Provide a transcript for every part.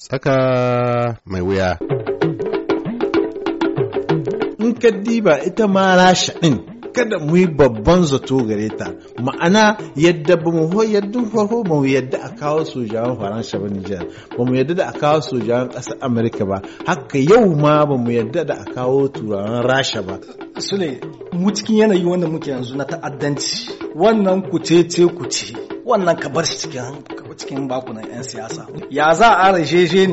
Tsaka mai wuya. In ka ba ita ma rasha ɗin kada mu yi babban zato gare ta ma'ana yadda ba mu yadda ba mu yadda a kawo sojawan faransa ba nijar ba mu yadda da a kawo sojawan ƙasar amurka ba haka yau ma ba mu yadda da a kawo turawan rasha ba sule mu cikin yanayi wanda muke yanzu na ta'addanci wannan kuce ce kuce wannan ka bar shi cikin cikin bakunan 'yan siyasa ya za a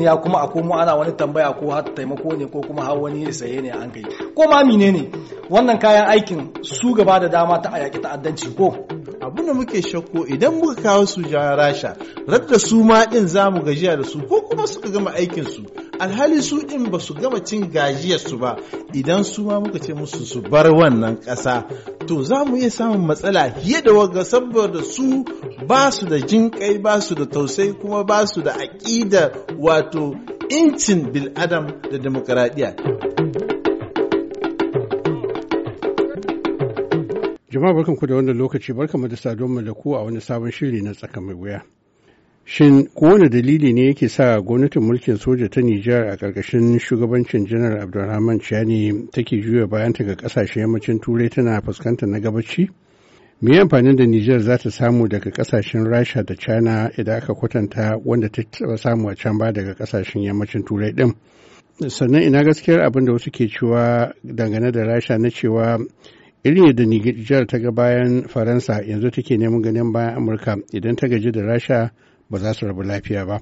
ya kuma a komo ana wani tambaya ko har taimako ne ko kuma har wani saye ne an kai ko ma mine ne wannan kayan aikin su gaba da dama ta a ta'addanci ko abin da muke shakko idan muka kawo su rasha radda su ma din za mu gajiya da su ko kuma suka gama aikin su alhali su ɗin ba su gama cin gajiyarsu ba idan su ma muka ce musu su bar wannan ƙasa to za mu iya samun matsala fiye da waga saboda su ba su da jinƙai kai ba su da tausai kuma ba su da aƙida wato incin bil'adam da demokaradiyya. jama'a barkanku da wannan lokaci barkanmu da saduwar da ku a wani sabon shiri na tsaka mai wuya Shin kowane dalili ne yake sa gwamnatin mulkin soja ta Nijar a ƙarƙashin shugabancin Janar Abdulrahman Chani take juya bayanta ga ƙasashen yammacin Turai tana fuskantar na gabaci? Me amfanin da Nijar za ta samu daga ƙasashen Rasha da China idan aka kwatanta wanda ta taɓa samu a can ba daga ƙasashen yammacin Turai ɗin? Sannan ina gaskiyar abin da wasu ke cewa dangane da Rasha na cewa irin da Nijar ta ga bayan Faransa yanzu take neman ganin bayan Amurka idan ta gaji da Rasha ba za su rabu lafiya ba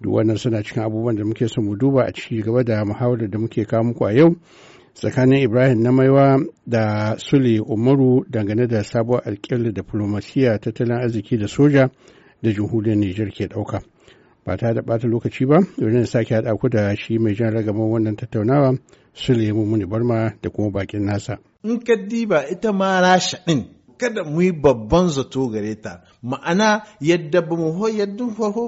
duk wannan suna cikin abubuwan da muke so mu duba a ciki gaba da muhawarar da muke kawo muku a yau tsakanin ibrahim na maiwa da sule umaru dangane da sabuwar da diplomasiya tattalin arziki da soja da jamhuriyar nijar ke ɗauka ba ta da ɓata lokaci ba domin sake haɗa ku da shi mai jan ragamar wannan tattaunawa sule mummuni barma da kuma bakin nasa in ka diba ita ma rasha ɗin kada mu yi babban zato gare ta ma'ana yadda ba mu yadda farko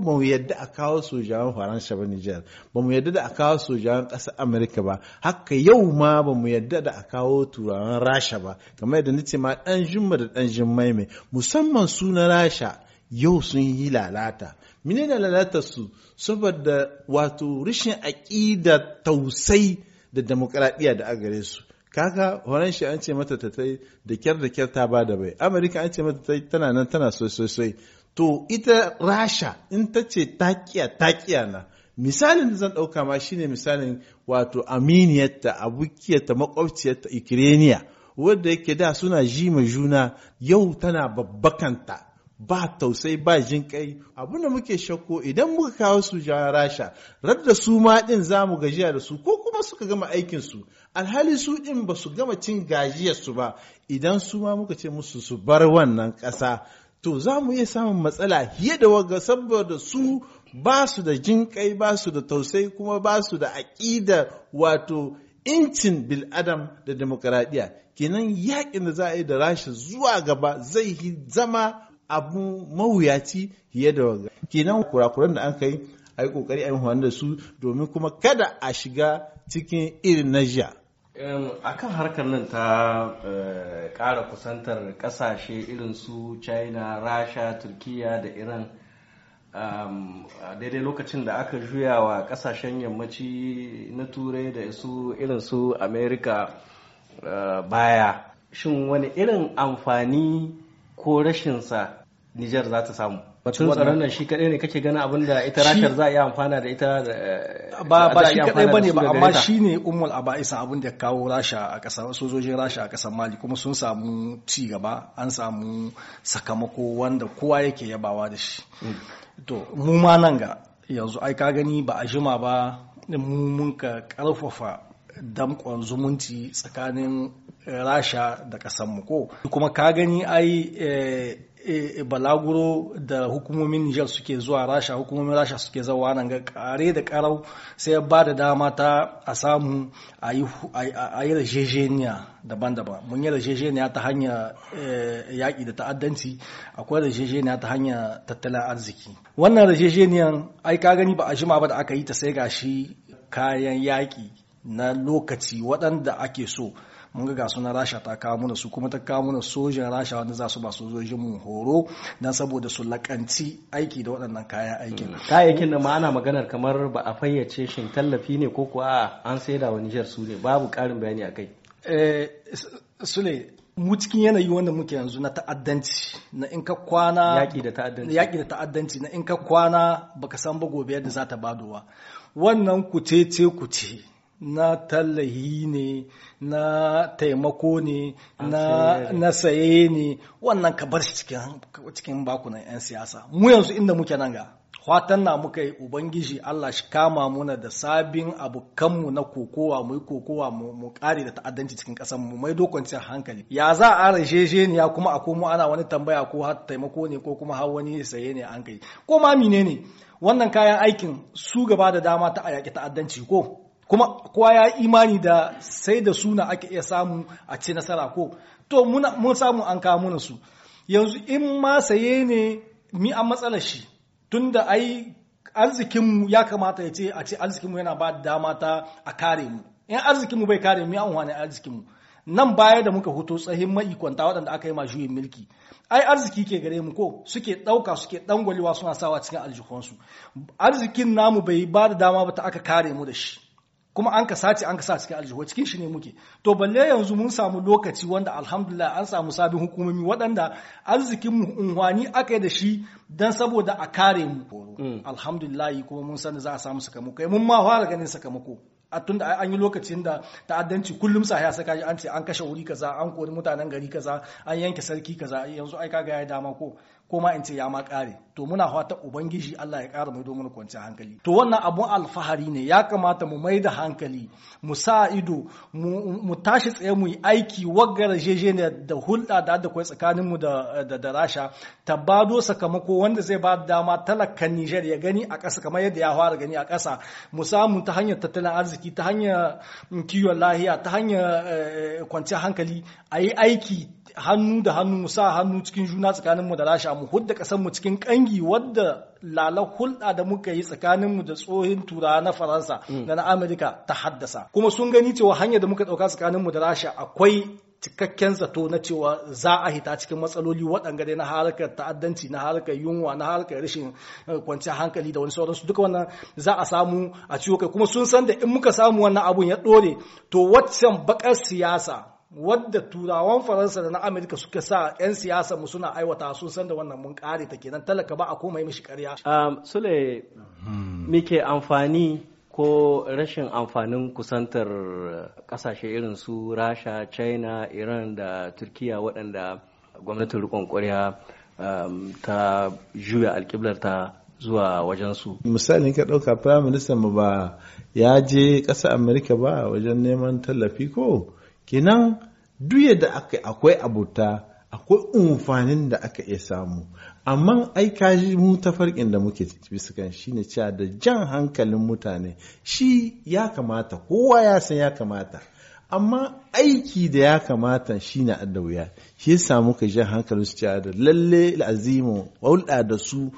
a kawo sojawan faransa ba nijar ba mu yadda da a kawo sojawan ƙasar amurka ba haka yau ma ba mu yadda da a kawo turawan rasha ba kamar yadda nace ma ɗan jimma da ɗan jimma mai musamman su na rasha yau sun yi lalata mine da lalata su saboda wato rashin aƙida tausai da demokradiyya da a gare su Kaka, horon shi an ce mata ta tai da kyar da kyar ta bada bai amerika an ce mata tai tana nan tana soi to ita rasha in ta ce takiya takiya na misalin da zan ɗauka ma shine misalin wato aminiyarta abukiyarta makwabciyarta ukraniya wadda yake da suna ji ma juna yau tana babbakanta ba tausai ba jin kai abinda muke shakko idan muka kawo su ja rasha radda su ma din za mu gajiya da su ko kuma suka gama aikin su alhali su ɗin ba su gama cin gajiyar su ba idan su ma muka ce musu su bar wannan ƙasa to za mu iya samun matsala fiye da waga saboda su ba su da jinƙai ba su da tausai kuma ba su da aƙida wato incin bil'adam da demokaradiyya kenan yaƙin da za a yi da rashin zuwa gaba zai yi zama abu mawuyaci fiye da waga kenan kurakuran da an kai a yi kokari a yi da su domin kuma kada a shiga cikin irin na jiya akan harkar nan ta eh, ƙara kusantar ƙasashe irin su china rasha turkiya da iran daidai lokacin da aka juya wa ƙasashen yammaci na turai da su irin su america eh, baya shin wani irin amfani ko rashinsa nijar za ta samu batun tsaron nan shi kadai ne kake gana abin da ita rashar za a yi amfana da ita eh, ba ba shi kadai ba ne ba amma shi ne ummul aba'isa abin da kawo rasha a kasar sojojin rasha a kasar mali kuma sun samu ci gaba an samu sakamako wanda kowa yake yabawa da shi mm. to mu ma nan ga yanzu ai ka gani ba a jima ba mu mun ka karfafa damkon zumunci tsakanin eh, rasha da kasar mu ko kuma ka gani ai eh, E, e, balaguro da hukumomin Nijar suke zuwa rasha hukumomin rasha suke zawa nan ga kare da karau sai ba da dama ta a samu a yi rajejeniya daban-daban mun yi rajejeniya ta hanyar e, yaƙi da ta'addanci akwai rajejeniya ta hanyar tattalin arziki wannan rajejeniyan ai ka gani ba a jima ba da aka yi ta sai gashi kayan yaƙi na lokaci waɗanda ake so mun ga gasu na rasha ta kawo mana su kuma ta kawo mana sojin rasha wanda za su ba su sojojin mu horo dan saboda su lakanci aiki da waɗannan kayan aikin mm. kayayyakin da ma ana maganar kamar ba a fayyace shin tallafi ne ko kuwa an saida wa Nijar su ne babu ƙarin bayani akai eh sule mu cikin yanayi wanda muke yanzu na ta'addanci na in ka kwana yaƙi da ta'addanci yaƙi da ta'addanci na in ka kwana baka san ba gobe yadda za ta badowa wannan kuce ce kuce na tallahi ne na taimako ne na saye ne wannan ka bar shi cikin bakunan 'yan siyasa mu yanzu inda muke nan ga fatan na muka yi ubangiji Allah shi kama muna da sabin abokanmu na kokowa mu yi kokowa mu kare da ta'addanci cikin kasan mu mai dokoncin hankali ya za a rashe ne ya kuma a komo ana wani tambaya ko har taimako ne ko kuma har wani saye ne an kai ko ma menene wannan kayan aikin su gaba da dama ta a yaki ta'addanci ko kuma kowa ya imani da sai da suna ake iya samu a ci nasara ko to mun samu an kawo muna su yanzu in ma saye ne mi an matsalar shi tunda ai arzikinmu ya kamata ya ce a ce arzikinmu yana ba da dama ta a kare mu in arzikinmu bai kare mu an wani arzikinmu nan baya da muka hoto tsahin kwanta waɗanda aka yi ma juyin mulki ai arziki ke gare mu ko suke ɗauka suke ɗangwalewa suna sawa cikin aljihunsu arzikin namu bai ba da dama ba ta aka kare mu da shi kuma an ka sace an ka sa cikin aljihu cikin shi ne muke to balle yanzu mun samu lokaci wanda alhamdulillah an samu sabin hukumomi waɗanda arzikin mu unwani aka da shi dan saboda a kare mu mm. alhamdulillah kuma mun san da za a samu sakamako mun ma fara ganin sakamako a tun da an yi lokacin da ta'addanci kullum sa ya saka an ce an kashe wuri kaza an kori mutanen gari kaza an yanke sarki kaza yanzu ai kaga ya dama ko ko ma in ce ya ma kare to muna fata ubangiji Allah ya kara mai domin kwanciyar hankali to wannan abun alfahari ne ya kamata mu mai da hankali mu sa ido mu tashi tsaye mu yi aiki waggar jejene da hulɗa da da kwai tsakanin mu da da Rasha tabbado sakamako wanda zai ba dama talakan Niger ya gani a ƙasa kamar yadda ya fara gani a ƙasa mu samu ta hanyar tattalin arziki ta hanyar kiwon lahiya ta hanyar eh, kwanciyar hankali a yi aiki hannu da hannu mu sa hannu cikin juna tsakanin mu da rasha mu hudda kasar mu cikin kangi wadda lala hulɗa da muka yi tsakanin mu da tsohin turawa na faransa mm. da na amerika ta haddasa kuma sun gani cewa hanyar da muka ɗauka tsakanin mu da rasha akwai cikakken zato na cewa za a hita cikin matsaloli waɗanga dai na harkar ta'addanci na harkar yunwa na harkar rashin eh, kwanciyar hankali da wani sauransu duka wannan za a samu a ciwo kai kuma sun san da in muka samu wannan abun ya ɗore to waccan bakar siyasa wadda turawan faransa da na Amurka suka sa 'yan siyasa mu suna aiwata sun san da wannan mun kare ta kenan talaka ba a komai mishi karya um, sule muke amfani ko rashin amfanin kusantar kasashe irin su rasha china iran da turkiya waɗanda gwamnatin rikon ƙwarya um, ta juya alkiblar ta zuwa wajen su. Misali ka ɗauka Prime mu ba ya je ƙasa Amerika ba wajen neman tallafi ko kenan duye da akwai abota akwai umfanin da aka iya samu amma ai kaji mu farkin da muke bisa kan shine cewa da jan hankalin mutane shi ya kamata kowa ya san ya kamata amma aiki da ya kamata shi na da wuya shi ya samu ka jan hankalin su cewa da lalle al'azimu hulɗa da su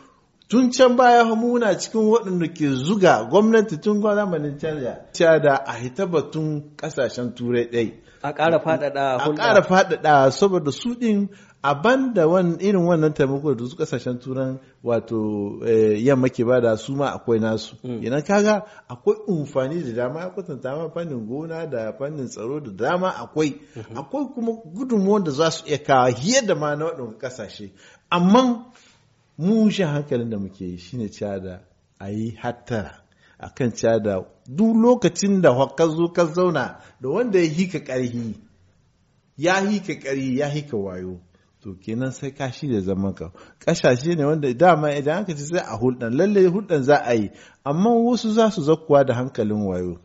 tun can baya muna cikin waɗanda ke zuga gwamnati tun zamanin canja ta da a hita batun ƙasashen turai ɗai a ƙara faɗaɗa a ƙara faɗaɗa saboda su ɗin a banda irin wannan taimako da su ƙasashen turan wato eh, yamma ke ba da su ma akwai nasu hmm. idan kaga akwai umfani da dama ya kwatanta ma fannin gona da fannin tsaro da dama akwai hmm. akwai kuma gudunmuwan da za su iya kawo hiyar da ma na waɗanda ƙasashe amma mu shi hankalin da muke yi shine cada a yi hattara a kan cada duk lokacin da ka zo ka zauna da wanda ya hika ƙarhi ya hika ƙarhi ya hika wayo to kenan sai ka shi da zaman ka kashashe ne wanda dama idan aka ci sai a hulɗan lallai hulɗan za a yi amma wasu za su zakuwa da hankalin wayo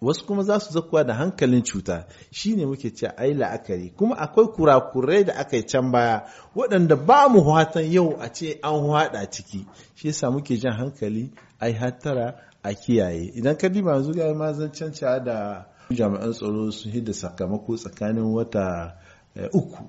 wasu kuma za su zakuwa da hankalin cuta shine muke ce ai la'akari kuma akwai kurakurai da aka yi can baya waɗanda ba mu hatan yau a ce an haɗa ciki shi yasa muke jan hankali ai hattara a kiyaye idan ka diba yanzu ga ma da jami'an tsaro sun hidda sakamako tsakanin wata eh, uku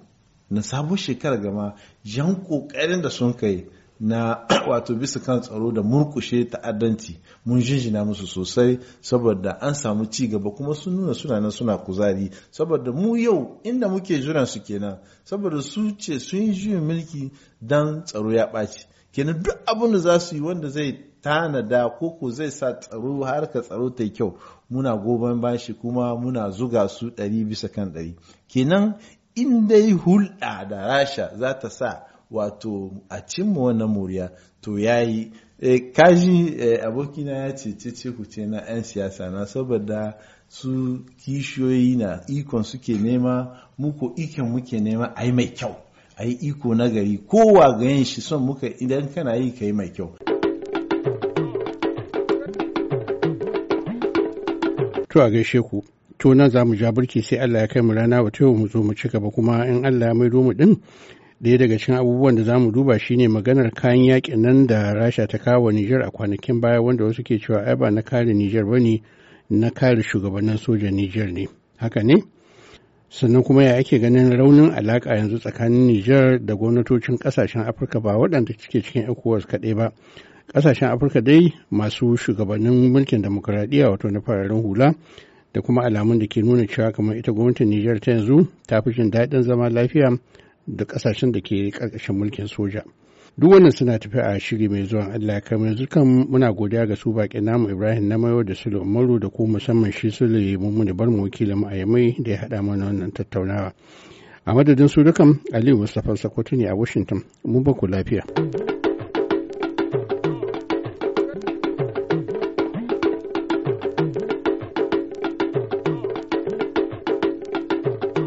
na sabon shekara gama jan kokarin da sun kai na wato bisa kan tsaro da murkushe ta'addanci mun jinjina musu sosai saboda an samu ci gaba kuma sun nuna suna nan suna kuzari saboda mu yau inda muke jiran su kenan saboda su ce sun yi mulki dan tsaro ya ɓaci kenan duk abin da za su yi wanda zai tanada ko ko zai sa tsaro har ka tsaro ta kyau muna goban bashi kuma muna zuga su ɗari bisa kan ɗari kenan in dai hulɗa da rasha za ta sa wato a cimma wannan moriya to ya yi eh, kaji eh, abokina ya ce ce ku ce na 'yan siyasa na saboda su kishiyoyi na ikon suke nema muku ikon muke nema a yi mai kyau a yi iko na gari kowa ga yin shi son muka idan kana yi ka yi mai kyau to a gaishe ku to nan za mu ja burki sai Allah ya kai mu rana wata yau mu zo mu ci gaba kuma in Allah ya maido mu din ɗaya daga cikin abubuwan da zamu duba shine maganar kayan yakin nan da rasha ta kawo nijar a kwanakin baya wanda wasu ke cewa ai ba na kare nijar ba ne na kare shugabannin sojan nijar ne haka ne sannan kuma ya ake ganin raunin alaƙa yanzu tsakanin nijar da gwamnatocin ƙasashen afirka ba waɗanda suke cikin ecowas kaɗai ba ƙasashen afirka dai masu shugabannin mulkin demokuraɗiyya wato na fararen hula da kuma alamun da ke nuna cewa kamar ita gwamnatin nijar ta yanzu ta fi jin daɗin zama lafiya da kasashen da ke karkashin mulkin soja duk wannan suna tafi a shiri mai zuwa Allah kamar yanzu kan muna godiya ga su baki namu Ibrahim na mayo da Sule Umaru da ku musamman shi Sule mu da barmu mu wakilin mu a Yamai da ya haɗa mana wannan tattaunawa a madadin su dukan Aliyu Mustapha Sokoto ne a Washington mun ba ku lafiya